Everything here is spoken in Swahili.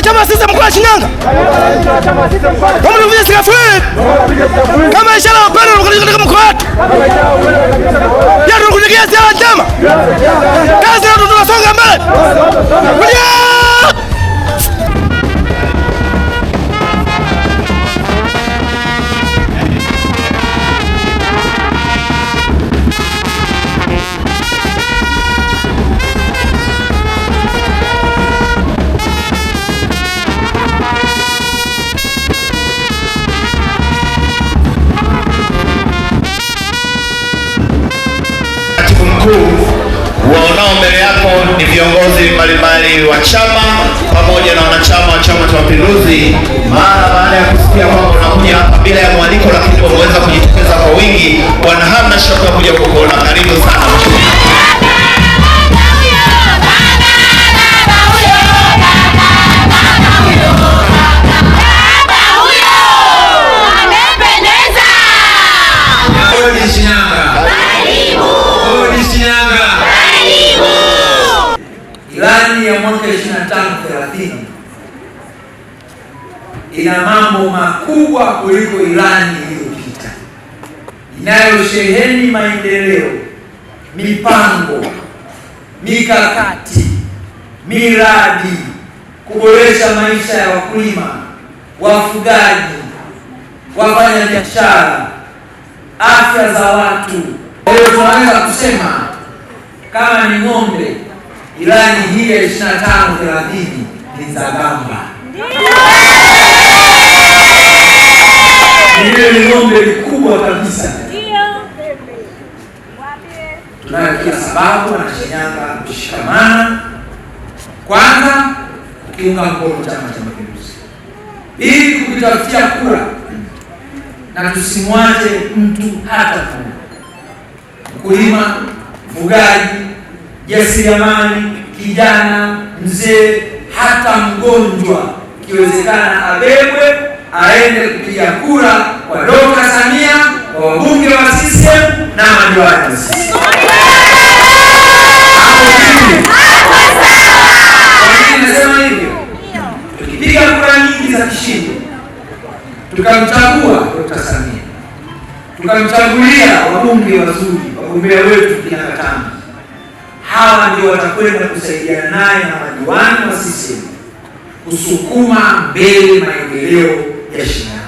wa chama sisi mkoa wa Shinyanga tunapiga sikafiri kama ishara ya upendo katika mkoa wetu, pia tunakujagia siara njema viongozi mbalimbali wa chama pamoja na wanachama wa Chama cha Mapinduzi, mara baada ya kusikia kwamba unakuja hapa bila ya mwaliko, lakini wameweza kujitokeza kwa wingi, wana hamna shaka kuja kukuona. Karibu sana. ya mwaka 25 30 ina mambo makubwa kuliko ilani iliyopita inayosheheni maendeleo, mipango, mikakati, miradi, kuboresha maisha ya wakulima, wafugaji, wafanyabiashara, afya za watu. Kwa tunaweza kusema kama ni ng'ombe Ilani hii ya tano 30 ni sambamba. Ndiyo. Ni ng'ombe kubwa kabisa. Tunayo kila sababu na Shinyanga kushikamana. Kwanza, kukiunga mkono Chama cha Mapinduzi ili kukitafutia kura, na tusimwache mtu hata mmoja, mkulima, mfugaji, jasiriamali kijana, mzee, hata mgonjwa, ikiwezekana abebwe aende kupiga kura kwa Dokta Samia, kwa wabunge wa CCM na madiwani. tukipiga kura nyingi za kishindo, tukamchagua Dokta Samia, tukamchagulia wabunge wazuri, wagombea wetu miaka tano hawa ndio watakwenda kusaidiana naye na madiwani wa CCM kusukuma mbele maendeleo ya shina